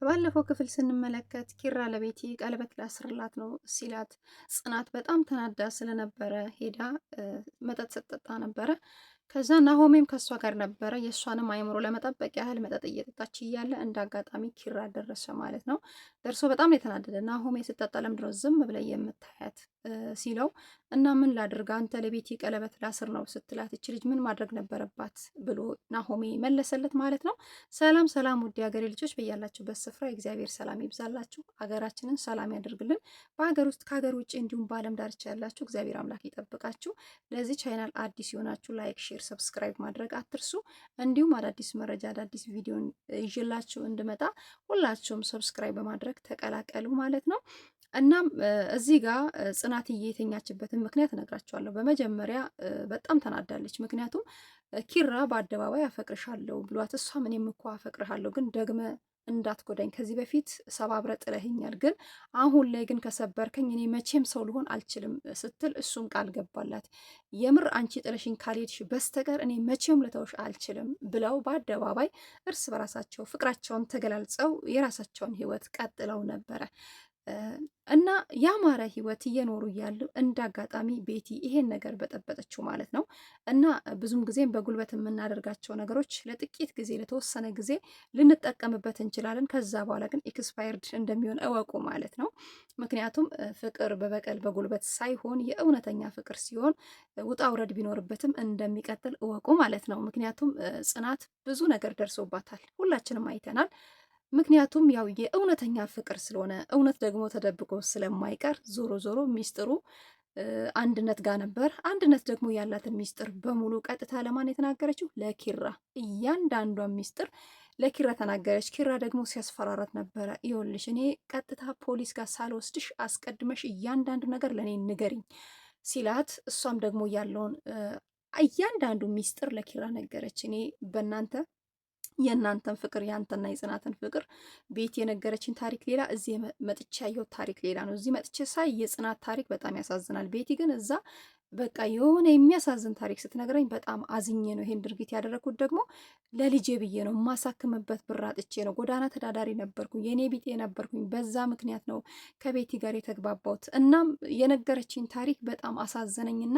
በባለፈው ክፍል ስንመለከት ኪራ ለቤቲ ቀለበት ላስርላት ነው ሲላት ጽናት በጣም ተናዳ ስለነበረ ሄዳ መጠጥ ስትጠጣ ነበረ። ከዛ ናሆሜም ከእሷ ጋር ነበረ። የእሷንም አይምሮ ለመጠበቅ ያህል መጠጥ እየጠጣች እያለ እንደ አጋጣሚ ኪራ ደረሰ ማለት ነው። ደርሶ በጣም የተናደደ ናሆሜ ስጠጣ ለምንድነው ዝም ብለ የምታያት ሲለው እና ምን ላድርግ አንተ ለቤቴ ቀለበት ላስር ነው ስትላት እች ልጅ ምን ማድረግ ነበረባት ብሎ ናሆሜ መለሰለት ማለት ነው። ሰላም ሰላም፣ ውድ የሀገሬ ልጆች በያላችሁበት ስፍራ የእግዚአብሔር ሰላም ይብዛላችሁ፣ ሀገራችንን ሰላም ያደርግልን። በሀገር ውስጥ ከሀገር ውጭ እንዲሁም በዓለም ዳርቻ ያላችሁ እግዚአብሔር አምላክ ይጠብቃችሁ። ለዚህ ቻይናል አዲስ የሆናችሁ ላይክ፣ ሼር፣ ሰብስክራይብ ማድረግ አትርሱ። እንዲሁም አዳዲስ መረጃ አዳዲስ ቪዲዮ ይዤላችሁ እንድመጣ ሁላችሁም ሰብስክራይብ በማድረግ ተቀላቀሉ ማለት ነው። እናም እዚህ ጋር ጽናትዬ የተኛችበትን ምክንያት እነግራቸዋለሁ። በመጀመሪያ በጣም ተናዳለች። ምክንያቱም ኪራ በአደባባይ አፈቅርሻለሁ ብሏት፣ እሷ ምን እኮ አፈቅርሃለሁ ግን ደግመ እንዳትጎዳኝ ከዚህ በፊት ሰባብረ ጥለህኛል፣ ግን አሁን ላይ ግን ከሰበርከኝ እኔ መቼም ሰው ልሆን አልችልም ስትል እሱም ቃል ገባላት። የምር አንቺ ጥለሽኝ ካልሄድሽ በስተቀር እኔ መቼም ልተውሽ አልችልም ብለው በአደባባይ እርስ በራሳቸው ፍቅራቸውን ተገላልጸው የራሳቸውን ሕይወት ቀጥለው ነበረ። ያማረ ህይወት እየኖሩ እያሉ እንደ አጋጣሚ ቤቲ ይሄን ነገር በጠበጠችው ማለት ነው። እና ብዙም ጊዜም በጉልበት የምናደርጋቸው ነገሮች ለጥቂት ጊዜ ለተወሰነ ጊዜ ልንጠቀምበት እንችላለን። ከዛ በኋላ ግን ኤክስፓየርድ እንደሚሆን እወቁ ማለት ነው። ምክንያቱም ፍቅር በበቀል በጉልበት ሳይሆን የእውነተኛ ፍቅር ሲሆን ውጣ ውረድ ቢኖርበትም እንደሚቀጥል እወቁ ማለት ነው። ምክንያቱም ጽናት ብዙ ነገር ደርሶባታል፣ ሁላችንም አይተናል። ምክንያቱም ያው የእውነተኛ ፍቅር ስለሆነ እውነት ደግሞ ተደብቆ ስለማይቀር ዞሮ ዞሮ ሚስጥሩ አንድነት ጋር ነበር። አንድነት ደግሞ ያላትን ሚስጥር በሙሉ ቀጥታ ለማን የተናገረችው? ለኪራ። እያንዳንዷን ሚስጥር ለኪራ ተናገረች። ኪራ ደግሞ ሲያስፈራራት ነበረ። ይኸውልሽ እኔ ቀጥታ ፖሊስ ጋር ሳልወስድሽ አስቀድመሽ እያንዳንዱ ነገር ለእኔ ንገሪኝ ሲላት፣ እሷም ደግሞ ያለውን እያንዳንዱ ሚስጥር ለኪራ ነገረች። እኔ በእናንተ የእናንተን ፍቅር ያንተና የጽናትን ፍቅር ቤት የነገረችን ታሪክ ሌላ፣ እዚህ መጥቼ ያየው ታሪክ ሌላ ነው። እዚህ መጥቼ ሳይ የጽናት ታሪክ በጣም ያሳዝናል። ቤቲ ግን እዛ በቃ የሆነ የሚያሳዝን ታሪክ ስትነግረኝ በጣም አዝኜ ነው ይሄን ድርጊት ያደረግኩት። ደግሞ ለልጄ ብዬ ነው የማሳክምበት ብር አጥቼ ነው። ጎዳና ተዳዳሪ ነበርኩኝ፣ የእኔ ቢጤ ነበርኩኝ። በዛ ምክንያት ነው ከቤቲ ጋር የተግባባሁት። እናም የነገረችኝ ታሪክ በጣም አሳዘነኝና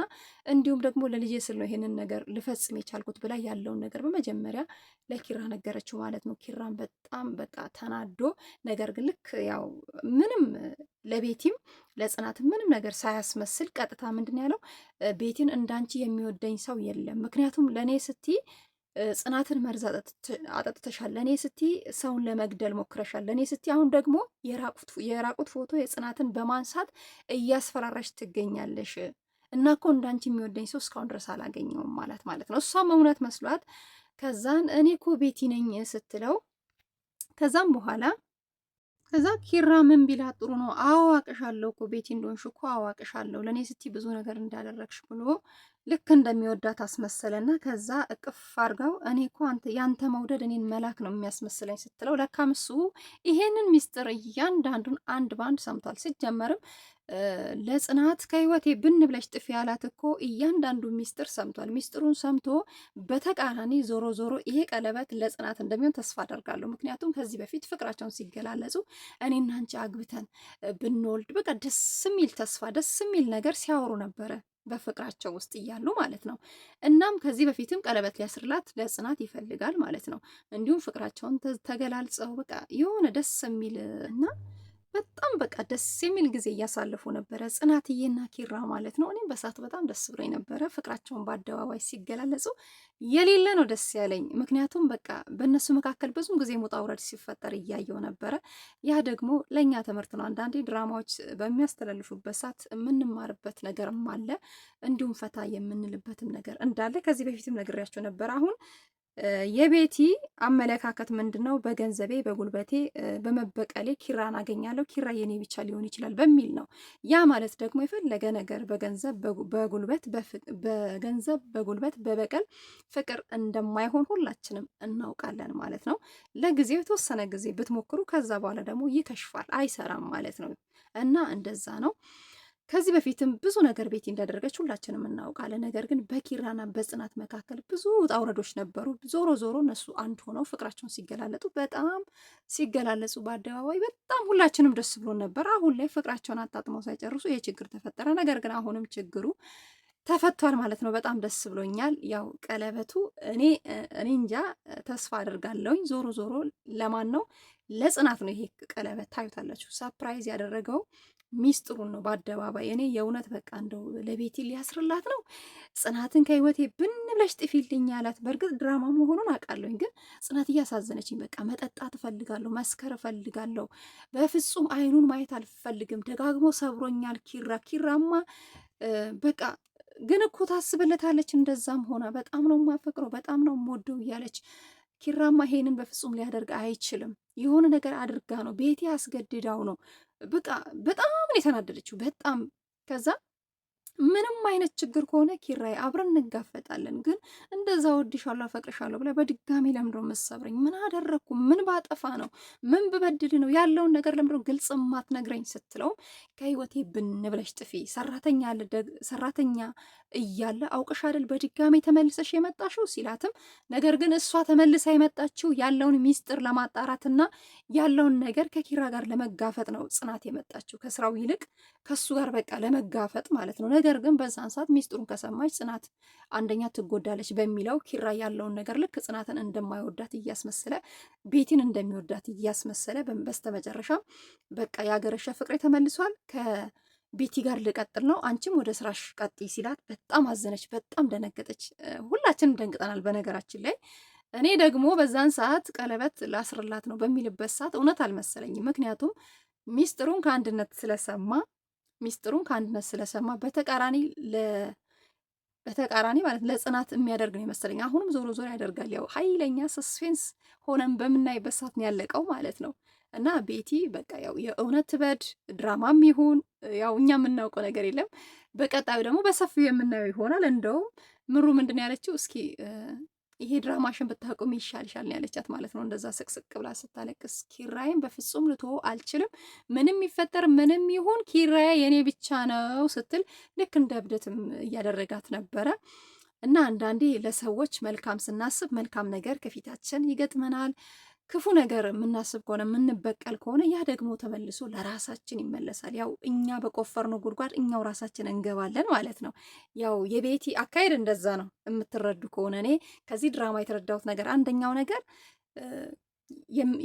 እንዲሁም ደግሞ ለልጄ ስል ነው ይሄንን ነገር ልፈጽም የቻልኩት ብላ ያለውን ነገር በመጀመሪያ ለኪራ ነገረችው ማለት ነው። ኪራን በጣም በቃ ተናዶ ነገር ግን ልክ ያው ምንም ለቤቲም ለጽናት ምንም ነገር ሳያስመስል ቀጥታ ምንድን ያለው ቤቲን እንዳንቺ የሚወደኝ ሰው የለም። ምክንያቱም ለእኔ ስቲ ጽናትን መርዝ አጠጥተሻል፣ ለእኔ ስቲ ሰውን ለመግደል ሞክረሻል፣ ለእኔ ስቲ አሁን ደግሞ የራቁት ፎቶ የጽናትን በማንሳት እያስፈራራሽ ትገኛለሽ እና እኮ እንዳንቺ የሚወደኝ ሰው እስካሁን ድረስ አላገኘውም ማለት ማለት ነው። እሷም እውነት መስሏት ከዛን እኔ እኮ ቤቲ ነኝ ስትለው ከዛም በኋላ ከዛ ኪራ ምን ቢላ ጥሩ ነው አዋቅሻለሁ እኮ ቤቲ እንደሆንሽ እኮ አዋቅሻለሁ ለእኔ ስቲ ብዙ ነገር እንዳደረግሽ ብሎ ልክ እንደሚወዳት አስመሰለና ከዛ እቅፍ አድርገው እኔ እኮ ያንተ መውደድ እኔን መላክ ነው የሚያስመስለኝ ስትለው ለካም እሱ ይሄንን ሚስጥር እያንዳንዱን አንድ በአንድ ሰምቷል። ሲጀመርም ለጽናት ከህይወቴ ብን ብለሽ ጥፊ ያላት እኮ እያንዳንዱ ሚስጥር ሰምቷል። ሚስጥሩን ሰምቶ በተቃራኒ ዞሮ ዞሮ ይሄ ቀለበት ለጽናት እንደሚሆን ተስፋ አደርጋለሁ። ምክንያቱም ከዚህ በፊት ፍቅራቸውን ሲገላለጹ እኔና አንቺ አግብተን ብንወልድ በቃ ደስ የሚል ተስፋ ደስ የሚል ነገር ሲያወሩ ነበረ በፍቅራቸው ውስጥ እያሉ ማለት ነው። እናም ከዚህ በፊትም ቀለበት ሊያስርላት ለጽናት ይፈልጋል ማለት ነው። እንዲሁም ፍቅራቸውን ተገላልጸው በቃ የሆነ ደስ የሚል እና በጣም በቃ ደስ የሚል ጊዜ እያሳለፉ ነበረ ጽናትዬና ኪራ ማለት ነው። እኔም በሳት በጣም ደስ ብሎኝ ነበረ ፍቅራቸውን በአደባባይ ሲገላለጹ የሌለ ነው ደስ ያለኝ። ምክንያቱም በቃ በእነሱ መካከል ብዙም ጊዜ ሙጣውረድ ውረድ ሲፈጠር እያየው ነበረ። ያ ደግሞ ለእኛ ትምህርት ነው። አንዳንዴ ድራማዎች በሚያስተላልፉበት ሰዓት የምንማርበት ነገርም አለ፣ እንዲሁም ፈታ የምንልበትም ነገር እንዳለ ከዚህ በፊትም ነግሬያቸው ነበር አሁን የቤቲ አመለካከት ምንድን ነው? በገንዘቤ በጉልበቴ በመበቀሌ ኪራን አገኛለሁ፣ ኪራ የኔ ብቻ ሊሆን ይችላል በሚል ነው። ያ ማለት ደግሞ የፈለገ ነገር በገንዘብ በጉልበት በገንዘብ በጉልበት በበቀል ፍቅር እንደማይሆን ሁላችንም እናውቃለን ማለት ነው። ለጊዜው የተወሰነ ጊዜ ብትሞክሩ፣ ከዛ በኋላ ደግሞ ይከሽፋል፣ አይሰራም ማለት ነው እና እንደዛ ነው። ከዚህ በፊትም ብዙ ነገር ቤቲ እንዳደረገች ሁላችንም እናውቃለን። ነገር ግን በኪራና በጽናት መካከል ብዙ ውጣ ውረዶች ነበሩ። ዞሮ ዞሮ እነሱ አንድ ሆነው ፍቅራቸውን ሲገላለጡ በጣም ሲገላለጹ በአደባባይ በጣም ሁላችንም ደስ ብሎ ነበር። አሁን ላይ ፍቅራቸውን አጣጥመው ሳይጨርሱ ይህ ችግር ተፈጠረ። ነገር ግን አሁንም ችግሩ ተፈቷል ማለት ነው። በጣም ደስ ብሎኛል። ያው ቀለበቱ እኔ እኔ እንጃ ተስፋ አድርጋለሁኝ። ዞሮ ዞሮ ለማን ነው? ለጽናት ነው ይሄ ቀለበት። ታዩታላችሁ፣ ሰፕራይዝ ያደረገው ሚስጥሩን ነው በአደባባይ እኔ የእውነት በቃ እንደው ለቤቴ ሊያስርላት ነው ጽናትን ከህይወቴ ብን ብለሽ ጥፊልኝ ያላት። በእርግጥ ድራማ መሆኑን አውቃለሁኝ፣ ግን ጽናት እያሳዘነችኝ። በቃ መጠጣት እፈልጋለሁ፣ መስከር እፈልጋለሁ። በፍጹም አይኑን ማየት አልፈልግም። ደጋግሞ ሰብሮኛል ኪራ። ኪራማ በቃ ግን እኮ ታስብለታለች። እንደዛም ሆና በጣም ነው የማፈቅረው፣ በጣም ነው የምወደው እያለች ኪራማ ይሄንን በፍጹም ሊያደርግ አይችልም። የሆነ ነገር አድርጋ ነው ቤቲ አስገድዳው ነው። በቃ በጣም ነው የተናደደችው። በጣም ከዛ ምንም አይነት ችግር ከሆነ ኪራይ አብረን እንጋፈጣለን፣ ግን እንደዛ ወድሻለሁ አፈቅርሻለሁ ብላ በድጋሚ ለምደው መሰብረኝ ምን አደረግኩ? ምን ባጠፋ ነው? ምን ብበድል ነው? ያለውን ነገር ለምድሮ ግልጽ ማትነግረኝ ስትለው ከህይወቴ ብን ብለሽ ጥፊ ሰራተኛ እያለ አውቀሽ አይደል በድጋሜ ተመልሰሽ የመጣሽው ሲላትም፣ ነገር ግን እሷ ተመልሳ የመጣችው ያለውን ሚስጥር ለማጣራትና ያለውን ነገር ከኪራ ጋር ለመጋፈጥ ነው ጽናት የመጣችው ከስራው ይልቅ ከሱ ጋር በቃ ለመጋፈጥ ማለት ነው። ነገር ግን በዛን ሰዓት ሚስጥሩን ከሰማች ጽናት አንደኛ ትጎዳለች በሚለው ኪራ ያለውን ነገር ልክ ጽናትን እንደማይወዳት እያስመሰለ ቤቲን እንደሚወዳት እያስመሰለ በስተመጨረሻ በቃ ያገረሸ ፍቅሬ ተመልሷል ቤቲ ጋር ልቀጥል ነው አንቺም ወደ ስራሽ ቀጥ ሲላት በጣም አዘነች፣ በጣም ደነገጠች። ሁላችንም ደንግጠናል። በነገራችን ላይ እኔ ደግሞ በዛን ሰዓት ቀለበት ላስርላት ነው በሚልበት ሰዓት እውነት አልመሰለኝም። ምክንያቱም ሚስጥሩን ከአንድነት ስለሰማ ሚስጥሩን ከአንድነት ስለሰማ በተቃራኒ በተቃራኒ ማለት ለጽናት የሚያደርግ ነው ይመስለኝ። አሁንም ዞሮ ዞሮ ያደርጋል። ያው ኃይለኛ ሰስፔንስ ሆነን በምናይበት ሰዓት ነው ያለቀው ማለት ነው። እና ቤቲ በቃ ያው የእውነት በድ ድራማም ይሁን ያው እኛ የምናውቀው ነገር የለም። በቀጣዩ ደግሞ በሰፊው የምናየው ይሆናል። እንደውም ምሩ ምንድን ነው ያለችው? እስኪ ይሄ ድራማሽን ብታቆሚ ይሻልሻል ነው ያለቻት ማለት ነው። እንደዛ ስቅስቅ ብላ ስታለቅስ ኪራይን በፍጹም ልቶ አልችልም፣ ምንም ይፈጠር ምንም ይሁን ኪራይ የኔ ብቻ ነው ስትል ልክ እንደ እብደትም እያደረጋት ነበረ። እና አንዳንዴ ለሰዎች መልካም ስናስብ መልካም ነገር ከፊታችን ይገጥመናል። ክፉ ነገር የምናስብ ከሆነ የምንበቀል ከሆነ ያ ደግሞ ተመልሶ ለራሳችን ይመለሳል። ያው እኛ በቆፈርነው ጉድጓድ እኛው ራሳችን እንገባለን ማለት ነው። ያው የቤቲ አካሄድ እንደዛ ነው የምትረዱ ከሆነ እኔ ከዚህ ድራማ የተረዳሁት ነገር አንደኛው ነገር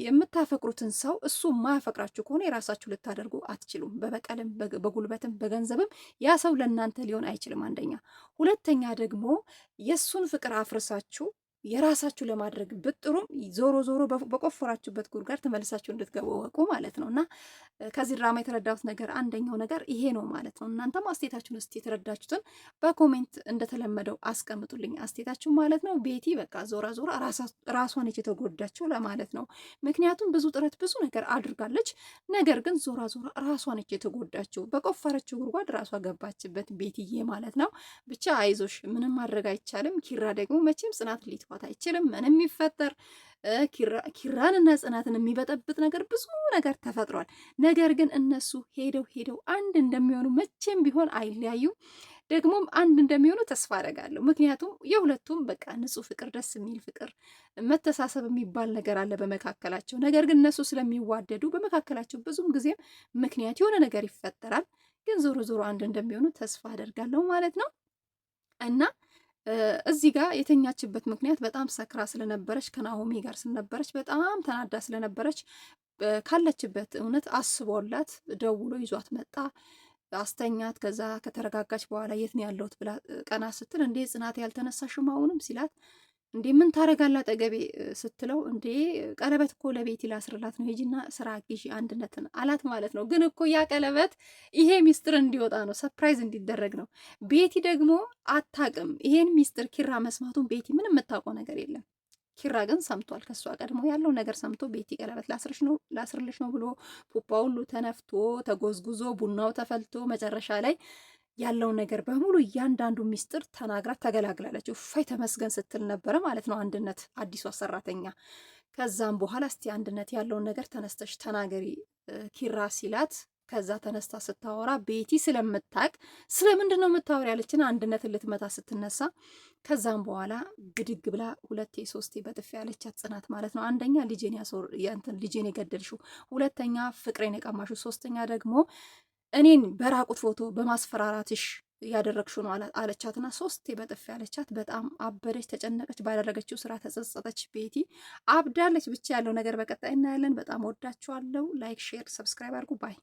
የምታፈቅሩትን ሰው እሱ ማያፈቅራችሁ ከሆነ የራሳችሁ ልታደርጉ አትችሉም። በበቀልም በጉልበትም በገንዘብም ያ ሰው ለእናንተ ሊሆን አይችልም። አንደኛ። ሁለተኛ ደግሞ የእሱን ፍቅር አፍርሳችሁ የራሳችሁ ለማድረግ ብጥሩም ዞሮ ዞሮ በቆፈራችሁበት ጉድጓድ ተመልሳችሁ እንድትገቡ እወቁ ማለት ነው እና ከዚህ ድራማ የተረዳሁት ነገር አንደኛው ነገር ይሄ ነው ማለት ነው። እናንተም አስቴታችሁን እስቲ የተረዳችሁትን በኮሜንት እንደተለመደው አስቀምጡልኝ አስቴታችሁ ማለት ነው። ቤቲ በቃ ዞራ ዞራ ራሷን የተጎዳችው ለማለት ነው። ምክንያቱም ብዙ ጥረት ብዙ ነገር አድርጋለች። ነገር ግን ዞራ ዞራ ራሷን የተጎዳችው በቆፈረችው ጉድጓድ ራሷ ገባችበት ቤትዬ ማለት ነው። ብቻ አይዞሽ፣ ምንም ማድረግ አይቻልም። ኪራ ደግሞ መቼም ጽናት ሊት መቋቋት አይችልም። ምን የሚፈጠር ኪራንና ጽናትን የሚበጠብጥ ነገር ብዙ ነገር ተፈጥሯል። ነገር ግን እነሱ ሄደው ሄደው አንድ እንደሚሆኑ መቼም ቢሆን አይለያዩም። ደግሞም አንድ እንደሚሆኑ ተስፋ አደርጋለሁ። ምክንያቱም የሁለቱም በቃ ንጹህ ፍቅር፣ ደስ የሚል ፍቅር፣ መተሳሰብ የሚባል ነገር አለ በመካከላቸው። ነገር ግን እነሱ ስለሚዋደዱ በመካከላቸው ብዙም ጊዜም ምክንያት የሆነ ነገር ይፈጠራል። ግን ዞሮ ዞሮ አንድ እንደሚሆኑ ተስፋ አደርጋለሁ ማለት ነው እና እዚህ ጋር የተኛችበት ምክንያት በጣም ሰክራ ስለነበረች ከናሆሚ ጋር ስለነበረች በጣም ተናዳ ስለነበረች ካለችበት እውነት አስቦላት ደውሎ ይዟት መጣ። አስተኛት። ከዛ ከተረጋጋች በኋላ የት ነው ያለሁት ብላ ቀና ስትል እንዴ ጽናት ያልተነሳሽም አሁንም ሲላት እንዴ ምን ታረጋላ አጠገቤ ስትለው እንዴ ቀለበት እኮ ለቤቲ ላስርላት ነው ሂጂና ስራ ግዢ አንድነትን አላት ማለት ነው። ግን እኮ ያ ቀለበት ይሄ ሚስጥር እንዲወጣ ነው፣ ሰርፕራይዝ እንዲደረግ ነው። ቤቲ ደግሞ አታቅም ይሄን ሚስጥር ኪራ መስማቱን ቤቲ ምን የምታውቀው ነገር የለም። ኪራ ግን ሰምቷል። ከሷ ቀድሞ ያለው ነገር ሰምቶ ቤቲ ቀለበት ላስርሽ ነው ላስርልሽ ነው ብሎ ፑፓ ሁሉ ተነፍቶ ተጎዝጉዞ ቡናው ተፈልቶ መጨረሻ ላይ ያለው ነገር በሙሉ እያንዳንዱ ሚስጥር ተናግራ ተገላግላለች። ፋይ ተመስገን ስትል ነበረ ማለት ነው አንድነት አዲሷ ሰራተኛ። ከዛም በኋላ እስቲ አንድነት ያለውን ነገር ተነስተሽ ተናገሪ ኪራ ሲላት ከዛ ተነስታ ስታወራ ቤቲ ስለምታቅ ስለምንድን ነው የምታወር ያለችን አንድነትን ልትመታ ስትነሳ፣ ከዛም በኋላ ግድግ ብላ ሁለቴ ሶስቴ በጥፊ ያለቻት ጽናት ማለት ነው። አንደኛ ልጄን ያሶር ልጄን የገደልሽው፣ ሁለተኛ ፍቅሬን የቀማሽው፣ ሶስተኛ ደግሞ እኔን በራቁት ፎቶ በማስፈራራትሽ ያደረግሽው ነው አለቻትና ሶስቴ በጥፊ ያለቻት። በጣም አበደች፣ ተጨነቀች፣ ባደረገችው ስራ ተጸጸተች። ቤቲ አብዳለች። ብቻ ያለው ነገር በቀጣይ እናያለን። በጣም ወዳችኋለሁ። ላይክ፣ ሼር፣ ሰብስክራይብ አድርጉ። ባይ